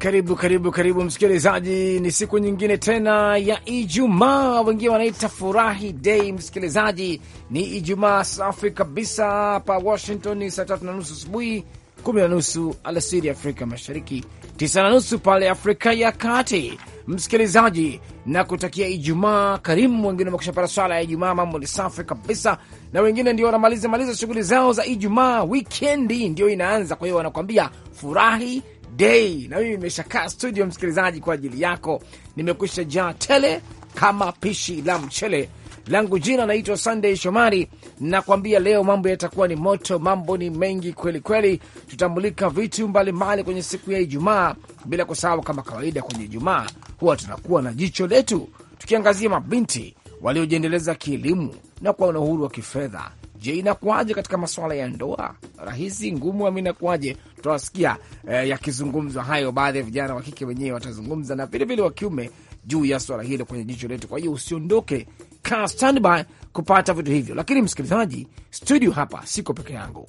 Karibu karibu karibu msikilizaji, ni siku nyingine tena ya Ijumaa, wengine wanaita furahi dei. Msikilizaji, ni Ijumaa safi kabisa. Hapa Washington ni saa tatu na nusu asubuhi, kumi na nusu alasiri Afrika Mashariki, tisa na nusu pale Afrika ya Kati. Msikilizaji, na kutakia Ijumaa karimu. Wengine wamekushapata swala ya Ijumaa, mambo ni safi kabisa, na wengine ndio wanamaliza maliza shughuli zao za Ijumaa, wikendi ndio inaanza. Kwa hiyo wanakuambia furahi Day, na mimi nimeshakaa studio, msikilizaji, kwa ajili yako nimekwisha jaa tele kama pishi la mchele langu. Jina naitwa Sunday Shomari, nakwambia leo mambo yatakuwa ni moto, mambo ni mengi kweli kweli. Tutamulika vitu mbalimbali kwenye siku ya Ijumaa, bila kusahau, kama kawaida, kwenye Ijumaa huwa tunakuwa na jicho letu, tukiangazia mabinti waliojiendeleza kielimu na kuwa na uhuru wa kifedha Je, inakuwaje katika masuala ya ndoa? Rahisi ngumu, ama inakuwaje? Tutawasikia eh, yakizungumzwa hayo, baadhi ya vijana wa kike wenyewe watazungumza na vilevile wa kiume juu ya swala hilo kwenye jicho letu. Kwa hiyo usiondoke, kaa standby kupata vitu hivyo. Lakini msikilizaji, studio hapa siko peke yangu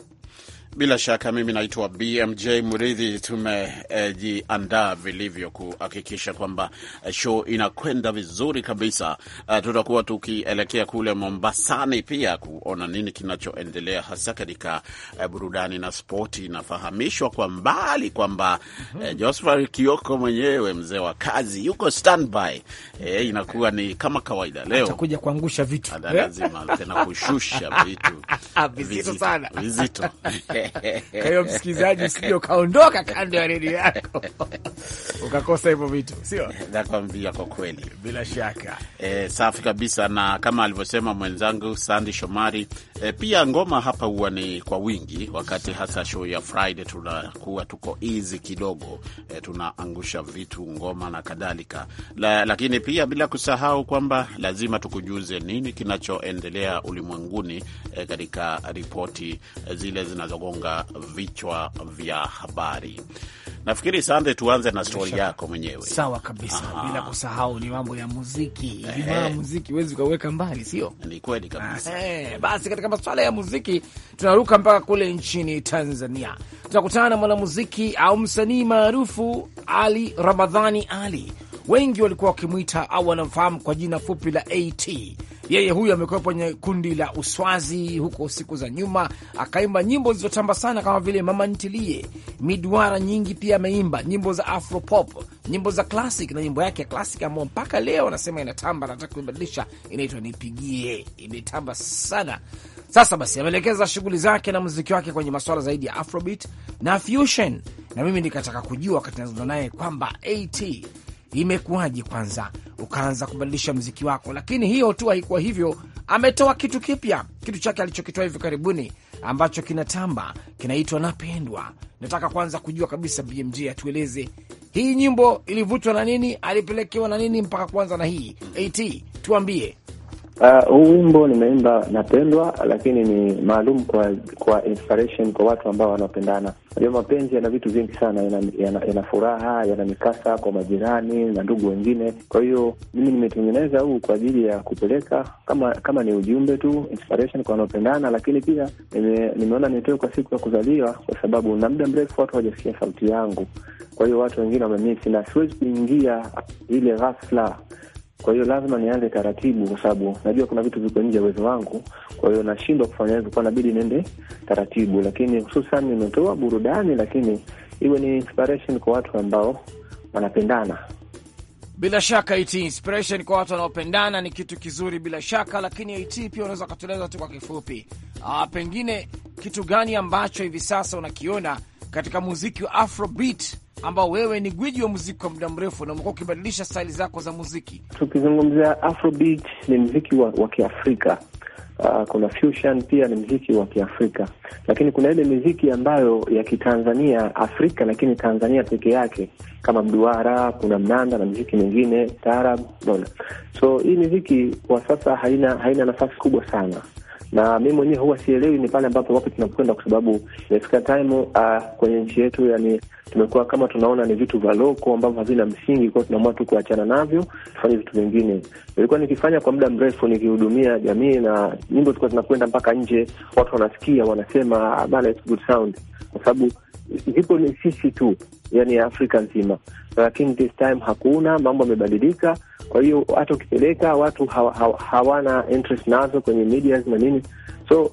bila shaka mimi naitwa BMJ Muridhi. Tumejiandaa e, vilivyo kuhakikisha kwamba e, show inakwenda vizuri kabisa. E, tutakuwa tukielekea kule Mombasani pia kuona nini kinachoendelea hasa katika e, burudani na spoti. Inafahamishwa kwa mbali kwamba e, mhm. Josfa Kioko mwenyewe mzee wa kazi yuko standby. E, inakuwa ni kama kawaida, leo atakuja kuangusha vitu, lazima tena kushusha vitu vizito, vizito. Kwa hiyo msikilizaji, usije ukaondoka kando ya redio yako ukakosa hivyo vitu, sio nakwambia, kwa kweli, bila shaka e, safi kabisa. Na kama alivyosema mwenzangu Sandi Shomari e, pia ngoma hapa huwa ni kwa wingi, wakati hasa show ya Friday tunakuwa tuko easy kidogo e, tunaangusha vitu, ngoma na kadhalika la, lakini pia bila kusahau kwamba lazima tukujuze nini kinachoendelea ulimwenguni e, katika ripoti e, zile zinazo kugonga vichwa vya habari. Nafikiri Sande, tuanze na stori yako mwenyewe. Sawa kabisa, bila kusahau ni mambo ya muziki. Ijumaa muziki huwezi ukaweka mbali, sio? Ni kweli kabisa. Basi katika masuala ya muziki tunaruka mpaka kule nchini Tanzania, tunakutana na mwanamuziki au msanii maarufu Ali Ramadhani Ali, wengi walikuwa wakimwita au wanamfahamu kwa jina fupi la AT yeye huyu amekuwa kwenye kundi la Uswazi huko siku za nyuma, akaimba nyimbo zilizotamba sana kama vile mama ntilie, midwara nyingi. Pia ameimba nyimbo za afropop, nyimbo za classic na nyimbo yake ya classic ambayo mpaka leo anasema inatamba, nataka kuibadilisha, inaitwa Nipigie, imetamba sana. Sasa basi, ameelekeza shughuli zake na muziki wake kwenye masuala zaidi ya afrobeat na fusion, na mimi nikataka kujua wakati nazungumza naye kwamba at imekuwaje kwanza ukaanza kubadilisha mziki wako? Lakini hiyo tu haikuwa hivyo. Ametoa kitu kipya, kitu chake alichokitoa hivi karibuni ambacho kinatamba, kinaitwa Napendwa. Nataka kwanza kujua kabisa, BMJ atueleze hii nyimbo ilivutwa na nini, alipelekewa na nini mpaka kuanza na hii. At, tuambie Uh, huu uh, wimbo nimeimba napendwa, lakini ni maalum kwa kwa inspiration kwa watu ambao wanapendana. Najua mapenzi yana vitu vingi sana, yana, yana, yana furaha, yana mikasa kwa majirani na ndugu wengine. Kwa hiyo mimi nimetengeneza huu kwa ajili ya kupeleka kama kama ni ujumbe tu, inspiration kwa wanaopendana, lakini pia nime, nimeona nitoe kwa siku ya kuzaliwa, kwa sababu na muda mrefu watu hawajasikia sauti yangu. Kwa hiyo watu wengine wamemisi na siwezi kuingia ile ghafla kwa hiyo lazima nianze taratibu, kwa sababu najua kuna vitu viko nje ya uwezo wangu, kwa hiyo nashindwa kufanya hivyo, kwa inabidi niende taratibu. Lakini hususan nimetoa burudani, lakini iwe ni inspiration kwa watu ambao wanapendana. Bila shaka it inspiration kwa watu wanaopendana ni kitu kizuri bila shaka, lakini it pia unaweza ukatueleza tu kwa kifupi, ah, pengine kitu gani ambacho hivi sasa unakiona katika muziki wa Afrobeat ambao wewe ni gwiji wa muziki kwa muda mrefu na umekuwa ukibadilisha staili zako za muziki. Tukizungumzia Afrobeat ni mziki wa, wa Kiafrika. Uh, kuna fusion pia ni mziki wa Kiafrika, lakini kuna ile miziki ambayo ya Kitanzania Afrika, lakini Tanzania peke yake kama mduara, kuna mnanda na miziki mingine tarab, so hii miziki kwa sasa haina haina nafasi kubwa sana na mi mwenyewe huwa sielewi ni pale ambapo wapi tunakwenda kwa sababu imefika time uh, kwenye nchi yetu yani tumekuwa kama tunaona ni vitu vya loko ambavyo havina msingi, kwao tunaamua tu kuachana navyo, tufanye vitu vingine. Nilikuwa nikifanya kwa muda mrefu nikihudumia jamii na nyimbo zilikuwa zinakwenda mpaka nje, watu wanasikia wanasema ah, bana, it's good sound, kwa sababu zipo ni sisi tu, yani Afrika nzima, lakini this time hakuna, mambo yamebadilika. Kwa hiyo hata ukipeleka watu hawana interest nazo kwenye media na nini, so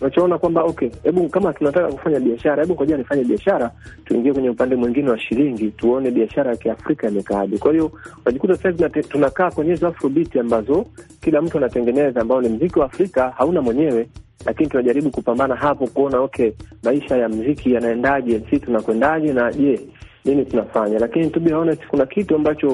unachoona kwamba okay, hebu kama tunataka kufanya biashara, hebu ngoja nifanye biashara, tuingie kwenye upande mwingine wa shilingi, tuone biashara ya kiafrika imekaaje. Kwa hiyo unajikuta sasa tunakaa kwenye hizo afrobeat ambazo kila mtu anatengeneza, ambao ni mziki wa Afrika hauna mwenyewe lakini tunajaribu kupambana hapo kuona okay, maisha ya mziki yanaendaje, si tunakwendaje, na je nini tunafanya, lakini to be honest, kuna kitu ambacho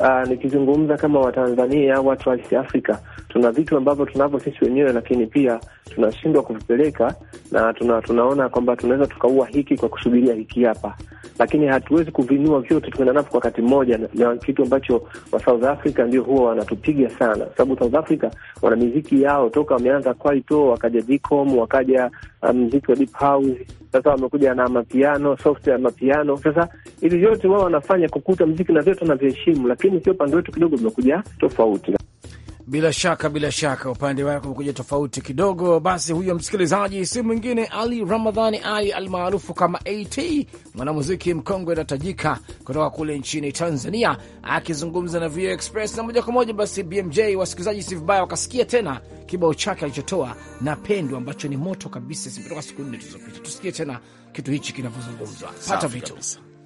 uh, nikizungumza kama Watanzania au watu wa East Africa, tuna vitu ambavyo tunavyo sisi wenyewe, lakini pia tunashindwa kuvipeleka na tuna, tunaona kwamba tunaweza tukaua hiki kwa kusubiria hiki hapa, lakini hatuwezi kuvinua vyote tukaenda navyo kwa wakati mmoja, na kitu ambacho wa South Africa ndio huwa wanatupiga sana, kwa sababu South Africa wana miziki yao toka wameanza kwaito, wakaja dicom, wakaja um, mziki um, wa deep house, sasa wamekuja na mapiano ya mapiano sasa hivi vyote wao wanafanya kukuta mziki na vyote wanavyoheshimu, lakini sio upande wetu kidogo umekuja tofauti. Bila shaka, bila shaka upande wako umekuja tofauti kidogo. Basi huyo msikilizaji si mwingine Ali Ramadhani Ali almaarufu kama AT, mwanamuziki mkongwe na tajika kutoka kule nchini Tanzania, akizungumza na VOA Express na moja kwa moja. Basi BMJ, wasikilizaji si vibaya wakasikia tena kibao chake alichotoa na pendwa, ambacho ni moto kabisa, zimetoka siku nne tulizopita. Tusikie tena kitu hichi kinavyozungumzwa, pata vitu kabisa.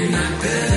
not bell.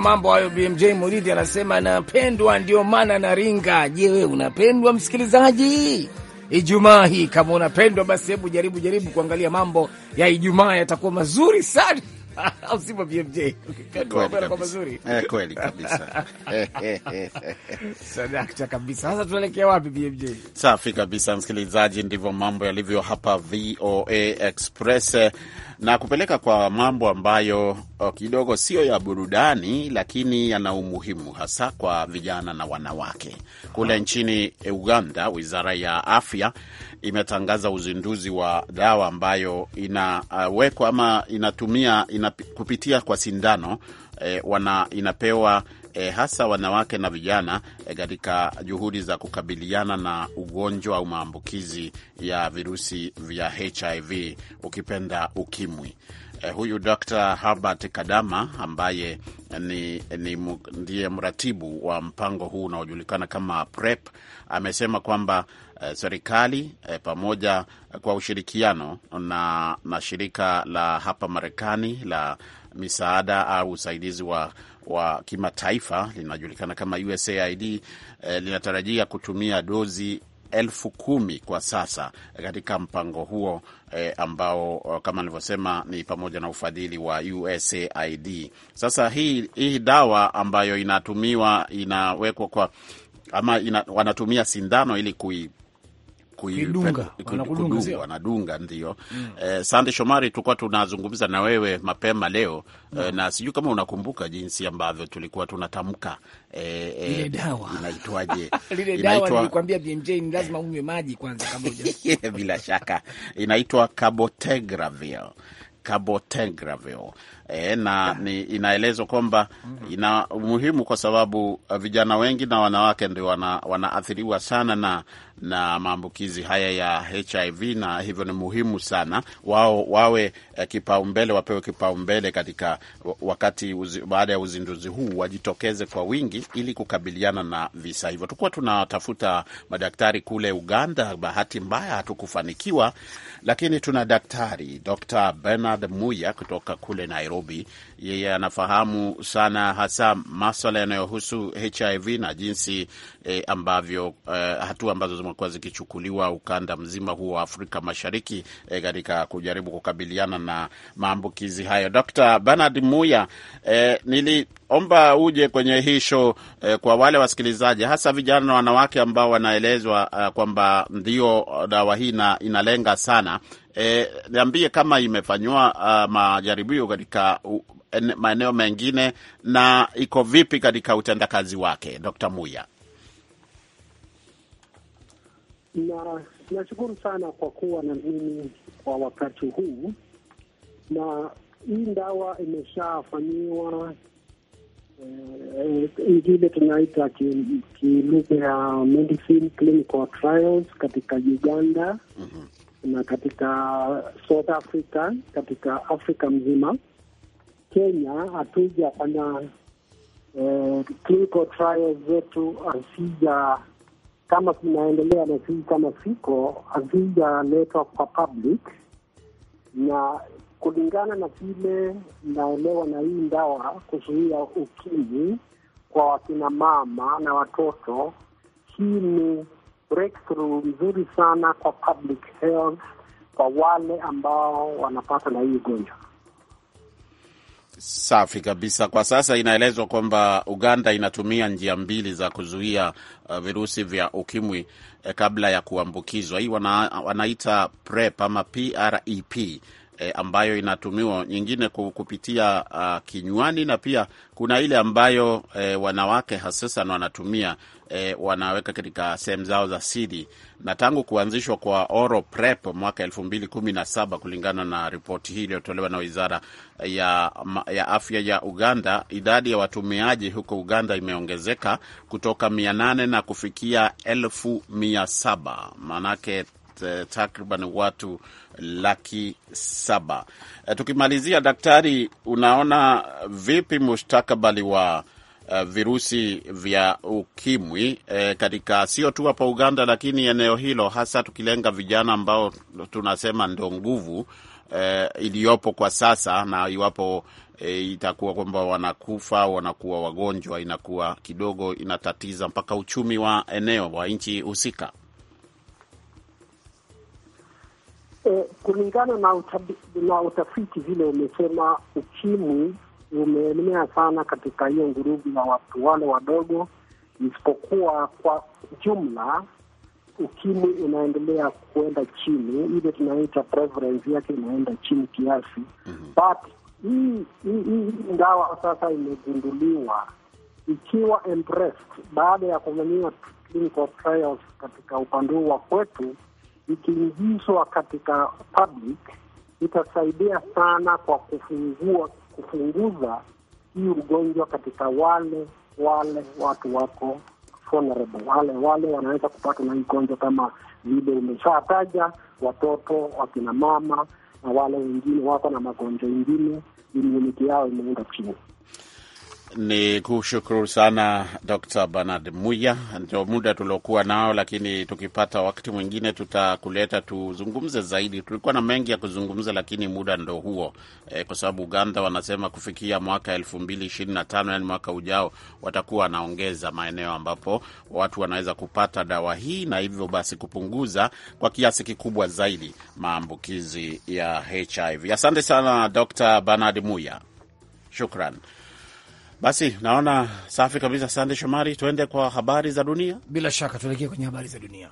mambo hayo BMJ Muridi anasema napendwa, ndio maana naringa. Je, wewe unapendwa msikilizaji? Ijumaa hii kama unapendwa, basi hebu jaribu jaribu kuangalia mambo ya Ijumaa, yatakuwa mazuri sana au BMJ? Ukipendwa mazuri eh, kweli kabisa, sadakta kabisa. Sasa tunaelekea wapi BMJ? Safi kabisa, msikilizaji, ndivyo mambo yalivyo hapa VOA Express na kupeleka kwa mambo ambayo kidogo siyo ya burudani, lakini yana umuhimu hasa kwa vijana na wanawake. Kule nchini Uganda, wizara ya afya imetangaza uzinduzi wa dawa ambayo inawekwa ama inatumia ina, kupitia kwa sindano eh, wana, inapewa e, hasa wanawake na vijana eh, katika juhudi za kukabiliana na ugonjwa au maambukizi ya virusi vya HIV ukipenda ukimwi. E, huyu Dr. Herbert Kadama ambaye ni, ni ndiye mratibu wa mpango huu unaojulikana kama PrEP amesema kwamba e, serikali e, pamoja kwa ushirikiano na, na shirika la hapa Marekani la misaada au usaidizi wa wa kimataifa linajulikana kama USAID eh, linatarajia kutumia dozi elfu kumi kwa sasa katika mpango huo eh, ambao eh, kama nilivyosema ni pamoja na ufadhili wa USAID. Sasa hii, hii dawa ambayo inatumiwa inawekwa kwa ama ina, wanatumia sindano ili kui wanadunga ndio. mm. Eh, Sande Shomari, tulikuwa tunazungumza na wewe mapema leo eh, mm. eh, na sijui kama unakumbuka jinsi ambavyo tulikuwa tunatamka eh, eh, lile dawa inaitwaje? lile inaitwa... dawa nilikwambia BMJ ni lazima eh. unywe maji kwanza kabla huja bila shaka inaitwa cabotegravir cabotegravir e, na ni inaelezwa kwamba ina umuhimu kwa sababu uh, vijana wengi na wanawake ndio wanaathiriwa wana sana na na maambukizi haya ya HIV na hivyo ni muhimu sana wao wawe uh, kipaumbele, wapewe kipaumbele katika wakati uzi, baada ya uzinduzi huu wajitokeze kwa wingi ili kukabiliana na visa hivyo. Tukuwa tunatafuta madaktari kule Uganda, bahati mbaya hatukufanikiwa, lakini tuna daktari Dr. Bernard Muya kutoka kule Nairobi Nairobi, yeye anafahamu sana hasa maswala yanayohusu HIV na jinsi eh, ambavyo eh, hatua ambazo zimekuwa zikichukuliwa ukanda mzima huo wa Afrika Mashariki eh, katika eh, kujaribu kukabiliana na maambukizi hayo. Dr. Bernard Muya, eh, niliomba uje kwenye hii show eh, kwa wale wasikilizaji hasa vijana na wanawake ambao wanaelezwa eh, kwamba ndio dawa hii inalenga sana Eh, niambie kama imefanywa uh, majaribio katika uh, maeneo mengine na iko vipi katika utendakazi wake, Dr. Muya? Na nashukuru sana kwa kuwa na mimi kwa wakati huu, na hii dawa imeshafanyiwa eh, eh, ingine eh, tunaita kilugha ya medicine clinical trials katika Uganda. mm -hmm na katika South Africa, katika Afrika mzima. Kenya hatujafanya eh, clinical trials zetu hazija kama zinaendelea na sii kama siko hazijaletwa kwa public, na kulingana na vile naelewa na hii ndawa kuzuia ukimwi kwa wakina mama na watoto, hii ni breakthrough mzuri sana kwa public health kwa wale ambao wanapata na hii ugonjwa. Safi kabisa. Kwa sasa inaelezwa kwamba Uganda inatumia njia mbili za kuzuia uh, virusi vya ukimwi eh, kabla ya kuambukizwa. Hii wana, wanaita PrEP ama PrEP e, ambayo inatumiwa nyingine kupitia uh, kinywani na pia kuna ile ambayo e, wanawake hasusan wanatumia e, wanaweka katika sehemu zao za siri. Na tangu kuanzishwa kwa Oral Prep mwaka elfu mbili kumi na saba kulingana na ripoti hii iliyotolewa na wizara ya, ya afya ya Uganda, idadi ya watumiaji huko Uganda imeongezeka kutoka mia nane na kufikia elfu mia saba maanake eh, takriban watu laki saba. Eh, tukimalizia, daktari, unaona vipi mustakabali wa eh, virusi vya ukimwi eh, katika sio tu hapa Uganda, lakini eneo hilo hasa tukilenga vijana ambao tunasema ndo nguvu eh, iliyopo kwa sasa na iwapo eh, itakuwa kwamba wanakufa wanakuwa wagonjwa, inakuwa kidogo inatatiza mpaka uchumi wa eneo wa nchi husika. E, kulingana na, utabi, na utafiti vile umesema, ukimwi umeenea sana katika hiyo ngurugu ya watu wale wadogo, isipokuwa kwa jumla ukimwi unaendelea kuenda chini, ile tunaita prevalence yake inaenda chini kiasi. mm -hmm. But hii hii sasa imegunduliwa ikiwa embraced baada ya kufanyiwa clinical trials katika upande huu wa kwetu ikiingizwa katika public itasaidia sana kwa kufungua kufunguza hii ugonjwa katika wale wale watu wako vulnerable, wale wale wanaweza kupata na hii ugonjwa kama vile umeshataja, watoto, wakina mama na wale wengine wako na magonjwa mengine, immunity yao imeenda chini. Ni kushukuru sana Dr Bernard Muya. Ndio muda tuliokuwa nao, lakini tukipata wakati mwingine tutakuleta tuzungumze zaidi. Tulikuwa na mengi ya kuzungumza, lakini muda ndo huo e, kwa sababu Uganda wanasema kufikia mwaka elfu mbili ishirini na tano yani mwaka ujao, watakuwa wanaongeza maeneo ambapo watu wanaweza kupata dawa hii, na hivyo basi kupunguza kwa kiasi kikubwa zaidi maambukizi ya HIV. Asante sana Dr Bernard Muya, shukran. Basi naona safi kabisa. Sande Shomari, tuende kwa habari za dunia. Bila shaka tuelekee kwenye habari za dunia.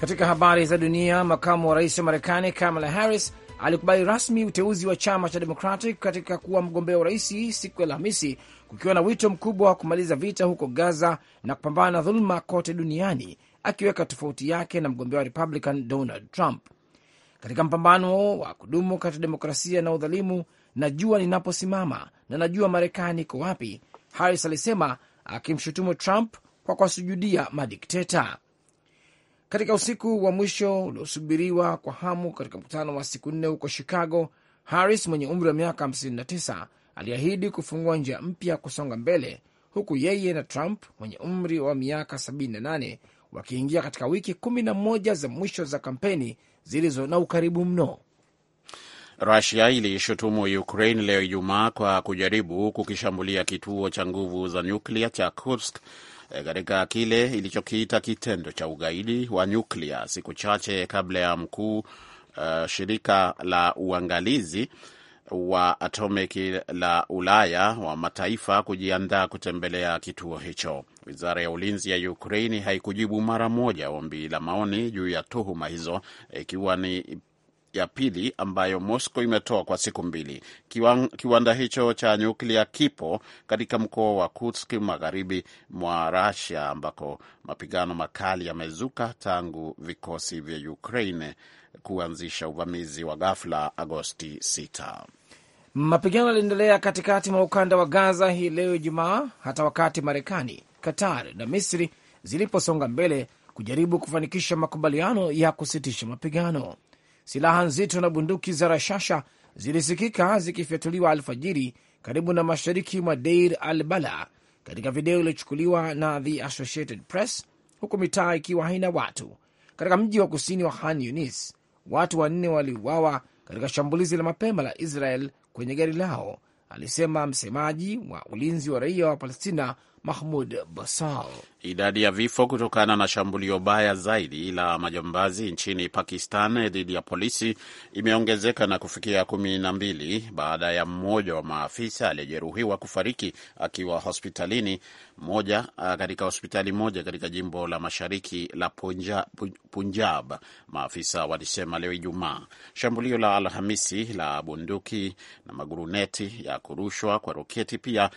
Katika habari za dunia, makamu wa rais wa Marekani Kamala Harris alikubali rasmi uteuzi wa chama cha Democratic katika kuwa mgombea rais siku ya Alhamisi, kukiwa na wito mkubwa wa kumaliza vita huko Gaza na kupambana na dhuluma kote duniani akiweka tofauti yake na mgombea wa Republican Donald Trump katika mpambano wa kudumu kati ya demokrasia na udhalimu. Najua ninaposimama na najua Marekani iko wapi, Harris alisema akimshutumu Trump kwa kuwasujudia madikteta. Katika usiku wa mwisho uliosubiriwa kwa hamu katika mkutano wa siku nne huko Chicago, Harris mwenye umri wa miaka 59 aliahidi kufungua njia mpya kusonga mbele, huku yeye na Trump mwenye umri wa miaka 78 wakiingia katika wiki kumi na moja za mwisho za kampeni zilizo na ukaribu mno. Rusia ilishutumu Ukraine leo Ijumaa kwa kujaribu kukishambulia kituo cha nguvu za nyuklia cha Kursk eh, katika kile ilichokiita kitendo cha ugaidi wa nyuklia siku chache kabla ya mkuu uh, shirika la uangalizi wa atomiki la Ulaya wa mataifa kujiandaa kutembelea kituo hicho. Wizara ya ulinzi ya Ukraini haikujibu mara moja ombi la maoni juu ya tuhuma hizo, ikiwa ni ya pili ambayo Moscow imetoa kwa siku mbili. Kiwanda hicho cha nyuklia kipo katika mkoa wa Kutsk magharibi mwa Russia, ambako mapigano makali yamezuka tangu vikosi vya Ukraine kuanzisha uvamizi wa ghafla Agosti 6. Mapigano yaliendelea katikati mwa ukanda wa Gaza hii leo Ijumaa, hata wakati Marekani, Qatar na Misri ziliposonga mbele kujaribu kufanikisha makubaliano ya kusitisha mapigano. Silaha nzito na bunduki za rashasha zilisikika zikifyatuliwa alfajiri karibu na mashariki mwa Deir al Bala katika video iliyochukuliwa na The Associated Press, huku mitaa ikiwa haina watu. Katika mji wa kusini wa Han Yunis, watu wanne waliuawa katika shambulizi la mapema la Israel kwenye gari lao, alisema msemaji wa ulinzi wa raia wa Palestina Mahmud Basal. Idadi ya vifo kutokana na shambulio baya zaidi la majambazi nchini Pakistan dhidi ya polisi imeongezeka na kufikia kumi na mbili baada ya mmoja wa maafisa aliyejeruhiwa kufariki akiwa hospitalini moja, ah, katika hospitali moja katika jimbo la mashariki la Punjab, Punjab maafisa walisema leo Ijumaa. Shambulio la Alhamisi la bunduki na maguruneti ya kurushwa kwa roketi pia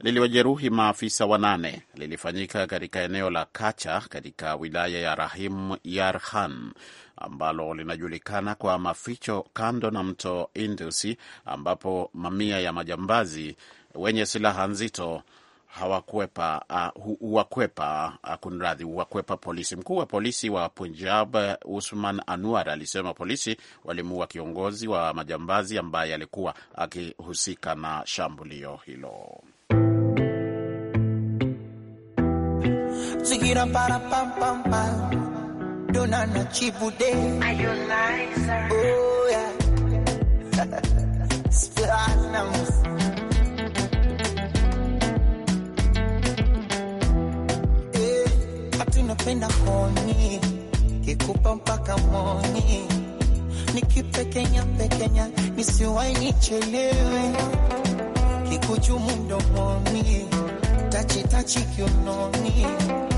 liliwajeruhi maafisa wanane. Lilifanyika katika eneo la Kacha katika wilaya ya Rahim Yarhan ambalo linajulikana kwa maficho kando na mto Indusi, ambapo mamia ya majambazi wenye silaha nzito hawakwepa ah, huwakwepa uh, kunradhi, huwakwepa polisi. Mkuu wa polisi wa Punjab Usman Anwar alisema polisi walimuua kiongozi wa majambazi ambaye alikuwa akihusika na shambulio hilo. Zigira para pam pam pam. Dona na chibu de. Oh yeah. Splatinums. Eh, napenda koni kikupa mpaka moni nikipekenya pekenya nisiwai nichelewe kikuchumu mdomoni tachitachi kiunoni tachi,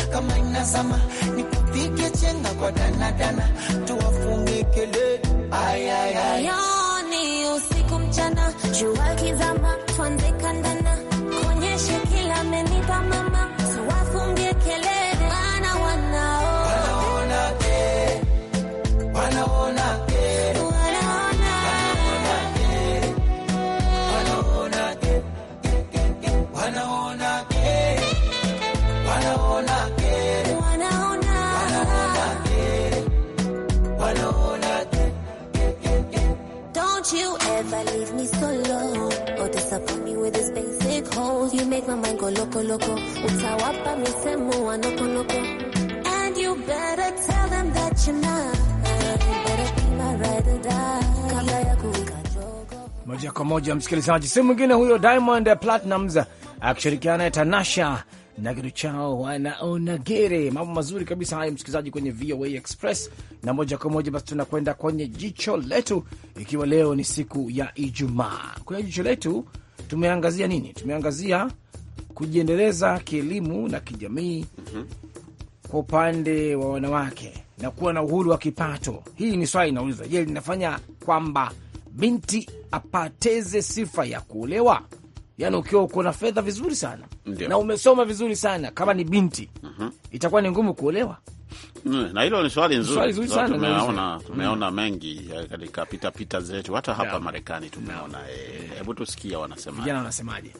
kama inazama, nikupige chenga kwa danadana, tuwafunge kelele. ni usiku mchana, jua kizama, twende kanda love you make my mind go loco loco. Utawapa misemo wanoko loco And you better tell them that you're not. You better be my ride or die. Kabla ya kuka moja kwa moja, msikilizaji, si mwingine huyo Diamond Platnumz akishirikiana na Tanasha na kitu chao wanaona gere. Mambo mazuri kabisa haya, msikilizaji, kwenye VOA Express. Na moja kwa moja basi tunakwenda kwenye jicho letu, ikiwa leo ni siku ya Ijumaa. Kwenye jicho letu tumeangazia nini? Tumeangazia kujiendeleza kielimu na kijamii mhm. kwa upande wa wanawake na kuwa na uhuru wa kipato. Hii ni swali inaulizwa, je, linafanya kwamba binti apateze sifa ya kuolewa? Yaani, ukiwa uko na fedha vizuri sana Ndiyo. na umesoma vizuri sana kama ni binti mhm. itakuwa ni ngumu kuolewa Mm, na hilo ni swali nzuri, tumeona mm. tumeona mengi eh, katika pitapita zetu, hata hapa Marekani tumeona. Eh, hebu tusikia wanasemaje, wanasemaje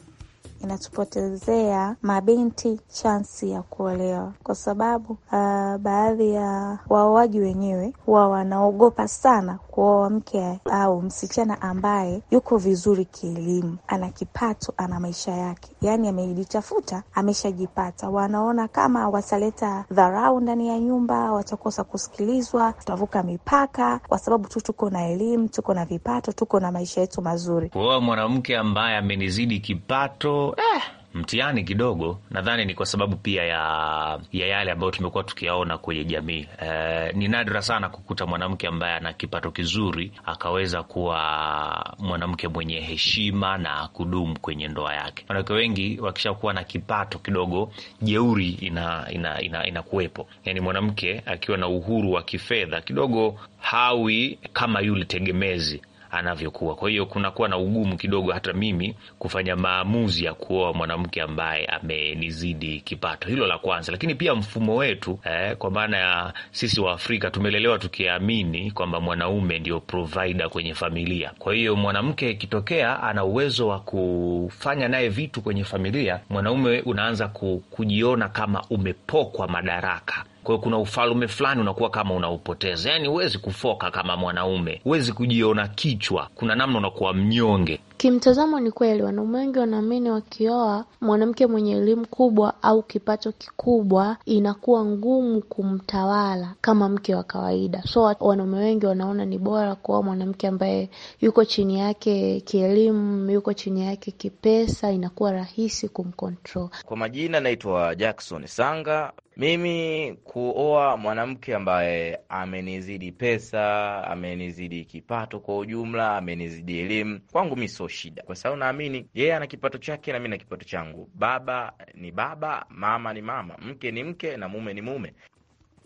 inatupotezea mabinti chansi ya kuolewa kwa sababu uh, baadhi ya waoaji wenyewe huwa wanaogopa sana kuoa oh, mke au msichana ambaye yuko vizuri kielimu, ana kipato, ana maisha yake, yaani amejitafuta, ameshajipata. Wanaona kama wataleta dharau ndani ya nyumba, watakosa kusikilizwa, tutavuka mipaka, kwa sababu tu tuko na elimu, tuko na vipato, tuko na maisha yetu mazuri. Kuoa mwanamke ambaye amenizidi kipato eh mtihani kidogo, nadhani ni kwa sababu pia ya, ya yale ambayo tumekuwa tukiyaona kwenye jamii. E, ni nadra sana kukuta mwanamke ambaye ana kipato kizuri akaweza kuwa mwanamke mwenye heshima na kudumu kwenye ndoa yake. Wanawake wengi wakishakuwa na kipato kidogo, jeuri inakuwepo ina, ina, ina yani, mwanamke akiwa na uhuru wa kifedha kidogo hawi kama yule tegemezi anavyokuwa. Kwa hiyo kunakuwa na ugumu kidogo hata mimi kufanya maamuzi ya kuoa mwanamke ambaye amenizidi kipato, hilo la kwanza. Lakini pia mfumo wetu eh, kwa maana ya sisi wa Afrika tumelelewa tukiamini kwamba mwanaume ndio provider kwenye familia. Kwa hiyo mwanamke ikitokea ana uwezo wa kufanya naye vitu kwenye familia, mwanaume unaanza kujiona kama umepokwa madaraka kwa hiyo kuna ufalume fulani unakuwa kama unaupoteza, yaani huwezi kufoka kama mwanaume, huwezi kujiona kichwa, kuna namna unakuwa mnyonge kimtazamo. Ni kweli wanaume wengi wanaamini wakioa mwanamke mwenye elimu kubwa au kipato kikubwa inakuwa ngumu kumtawala kama mke wa kawaida, so wanaume wengi wanaona ni bora kuoa mwanamke ambaye yuko chini yake kielimu, yuko chini yake kipesa, inakuwa rahisi kumkontrol Kwa majina naitwa Jackson Sanga, mimi kuoa mwanamke ambaye amenizidi pesa, amenizidi kipato kwa ujumla, amenizidi elimu, kwangu mi sio shida, kwa sababu naamini yeye ana kipato chake na mi na kipato changu. Baba ni baba, mama ni mama, mke ni mke na mume ni mume.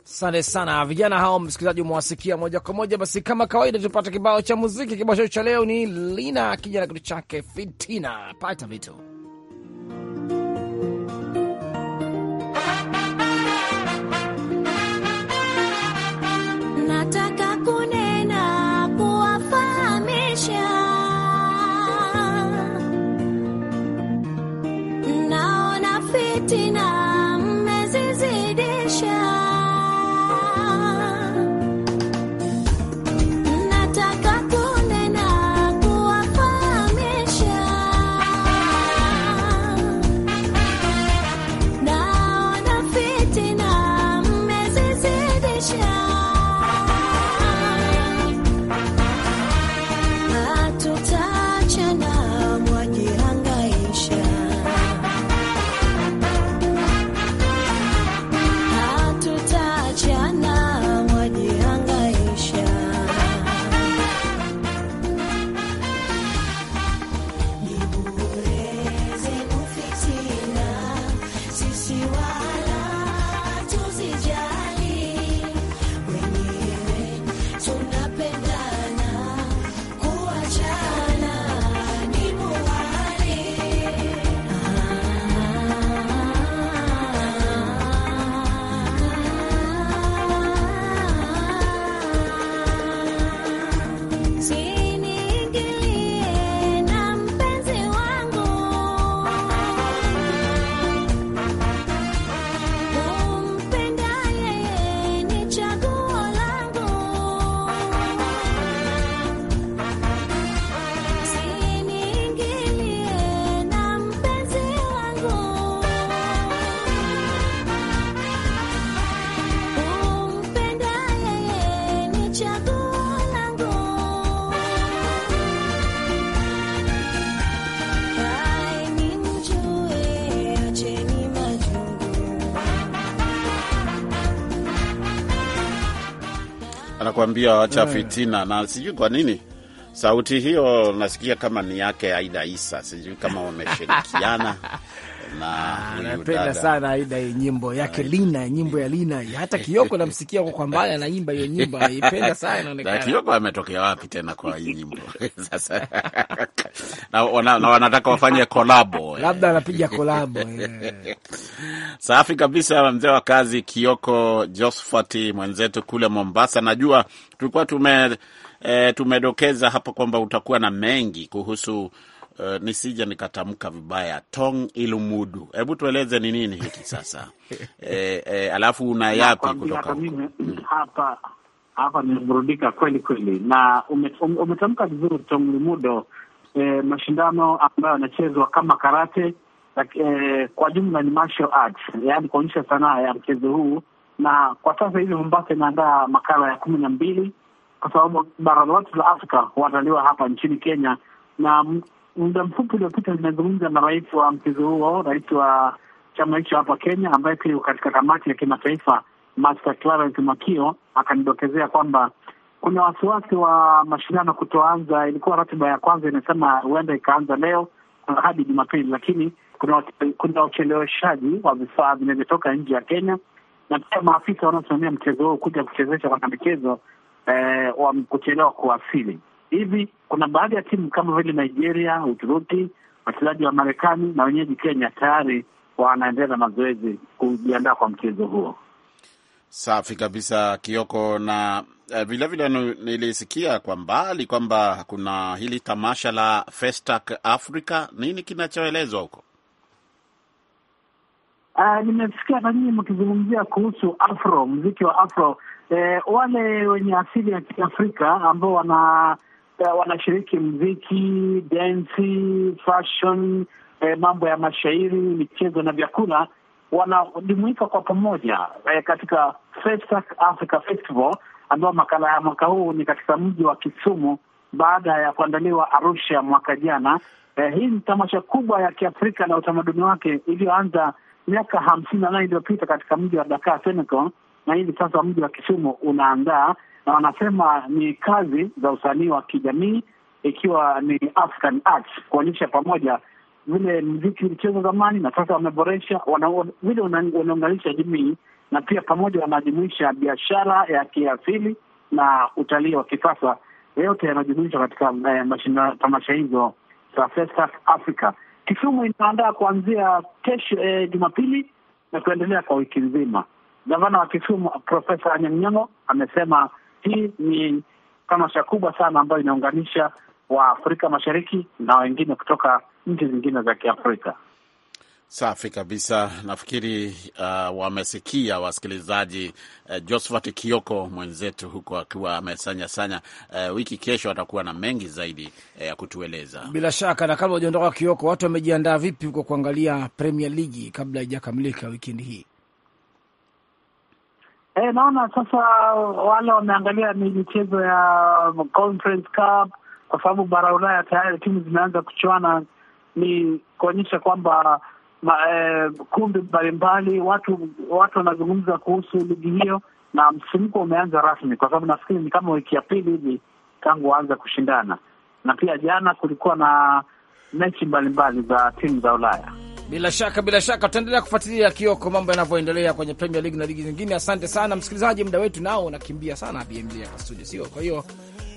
Asante sana vijana hao, msikilizaji umewasikia moja kwa moja. Basi kama kawaida, tupata kibao cha muziki. Kibao chao cha leo ni Lina akija na kitu chake fitina, pata vitu nakwambia, yeah. fitina na sijui kwa nini sauti hiyo nasikia kama ni yake Aida Isa, sijui kama wameshirikiana anapenda ah, sana Aida hii nyimbo yake Lina, nyimbo ya Lina. Hata Kioko namsikia kwa kwamba anaimba hiyo nyimbo, aipenda sana inaonekana. Kioko ametokea wapi tena kwa hii nyimbo sasa? na, wana, na wanataka wafanye kolabo, eh. labda anapiga kolabo eh. safi kabisa. Mzee wa kazi Kioko Josphat mwenzetu kule Mombasa, najua tulikuwa tume, e, tumedokeza hapo kwamba utakuwa na mengi kuhusu Uh, eh, nisija nikatamka vibaya tong ilumudu. Hebu tueleze ni nini hiki sasa? eh, eh, alafu una yapi kutoka mimi hmm. hapa hapa? Nimeburudika kweli kweli, na umetamka ume vizuri tong ilumudo. E, eh, mashindano ambayo yanachezwa kama karate like, e, eh, kwa jumla ni martial arts, yaani kuonyesha sanaa ya mchezo huu, na kwa sasa hivi Mombasa inaandaa makala ya kumi na mbili kwa sababu bara lote la Afrika huandaliwa hapa nchini Kenya na muda mfupi uliopita nimezungumza na rais wa mchezo huo, rais wa chama hicho hapa Kenya, ambaye pia katika kamati ya kimataifa Master Clarence Makio, akanidokezea kwamba kuna wasiwasi wa mashindano kutoanza. Ilikuwa ratiba ya kwanza inasema huenda ikaanza leo hadi Jumapili, lakini kuna ucheleweshaji wa vifaa vinavyotoka nje ya Kenya na pia maafisa wanaosimamia mchezo huo kuja kuchezesha wanamichezo eh, wa kuchelewa kuwasili hivi. Kuna baadhi ya timu kama vile Nigeria, Uturuki, wachezaji wa Marekani na wenyeji Kenya tayari wanaendeleza mazoezi kujiandaa kwa mchezo huo. Safi kabisa, Kioko. Na vilevile eh, vile nilisikia kwa mbali kwamba kuna hili tamasha la Festac Africa. Nini kinachoelezwa huko? Uh, nimesikia na nyinyi mkizungumzia kuhusu afro, mziki wa afro. Eh, wale wenye asili ya Kiafrika ambao wana uh, wanashiriki mziki, densi, fashion, eh, mambo ya mashairi, michezo na vyakula wanajumuika kwa pamoja eh, katika FESTAC Africa Festival ambayo makala ya mwaka huu ni katika mji wa Kisumu baada ya kuandaliwa Arusha mwaka jana. Eh, hii ni tamasha kubwa ya Kiafrika na utamaduni wake iliyoanza miaka hamsini na nane iliyopita katika mji wa Dakar, Senegal na hivi sasa mji wa Kisumu unaandaa na wanasema ni kazi za usanii wa kijamii, ikiwa ni African Arts, kuonyesha pamoja vile mziki ulichezwa zamani na sasa wameboresha vile wanaunganisha jamii, na pia pamoja wanajumuisha biashara ya kiasili na utalii wa kisasa. Yote yanajumuishwa katika eh, tamasha hizo za Festus Africa. Kisumu inaandaa kuanzia kesho eh, Jumapili na kuendelea kwa wiki nzima. Gavana wa Kisumu Profesa Anyang' amesema hii ni tamasha kubwa sana ambayo inaunganisha Waafrika Mashariki na wengine kutoka nchi zingine za Kiafrika. Safi kabisa. Nafikiri uh, wamesikia wasikilizaji. Uh, Josephat Kioko mwenzetu huko akiwa amesanya Uh, wiki kesho atakuwa na mengi zaidi uh, ya uh, kutueleza bila shaka. Na kabla ujaondoka Kioko, watu wamejiandaa vipi huko kuangalia Premier Ligi kabla haijakamilika wikendi hii? E, naona sasa wale wameangalia ni michezo ya Conference Cup kwa sababu bara Ulaya tayari timu zimeanza kuchuana, ni kuonyesha kwamba e, kumbi mbalimbali watu watu wanazungumza kuhusu ligi hiyo, na msimko umeanza rasmi, kwa sababu nafikiri ni kama wiki ya pili hivi tangu waanza kushindana, na pia jana kulikuwa na mechi mbalimbali za timu za Ulaya. Bila shaka, bila shaka tutaendelea kufuatilia Kioko, mambo yanavyoendelea kwenye Premier League na ligi zingine. Asante sana msikilizaji, muda wetu nao unakimbia sana BMJ hapa studio, sio? Kwa hiyo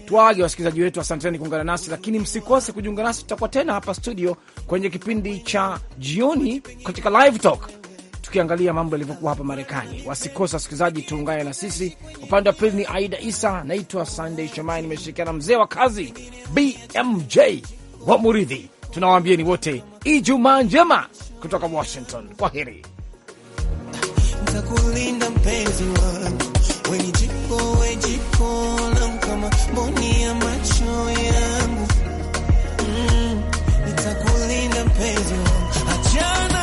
tuwaage wasikilizaji wetu, asanteni kuungana nasi, lakini msikose kujiunga nasi, tutakuwa tena hapa studio kwenye kipindi cha jioni katika Live Talk tukiangalia mambo yalivyokuwa hapa Marekani. Wasikose wasikilizaji, tuungane na sisi. Upande wa pili ni Aida Isa, naitwa Sunday Shomai, nimeshirikiana mzee wa kazi BMJ wa Muridhi. Tunawaambieni wote Ijumaa njema kutoka Washington. Kwa heri. Nitakulinda mpenzi wangu, kama mboni ya macho yangu. Mm, nitakulinda mpenzi wangu, achana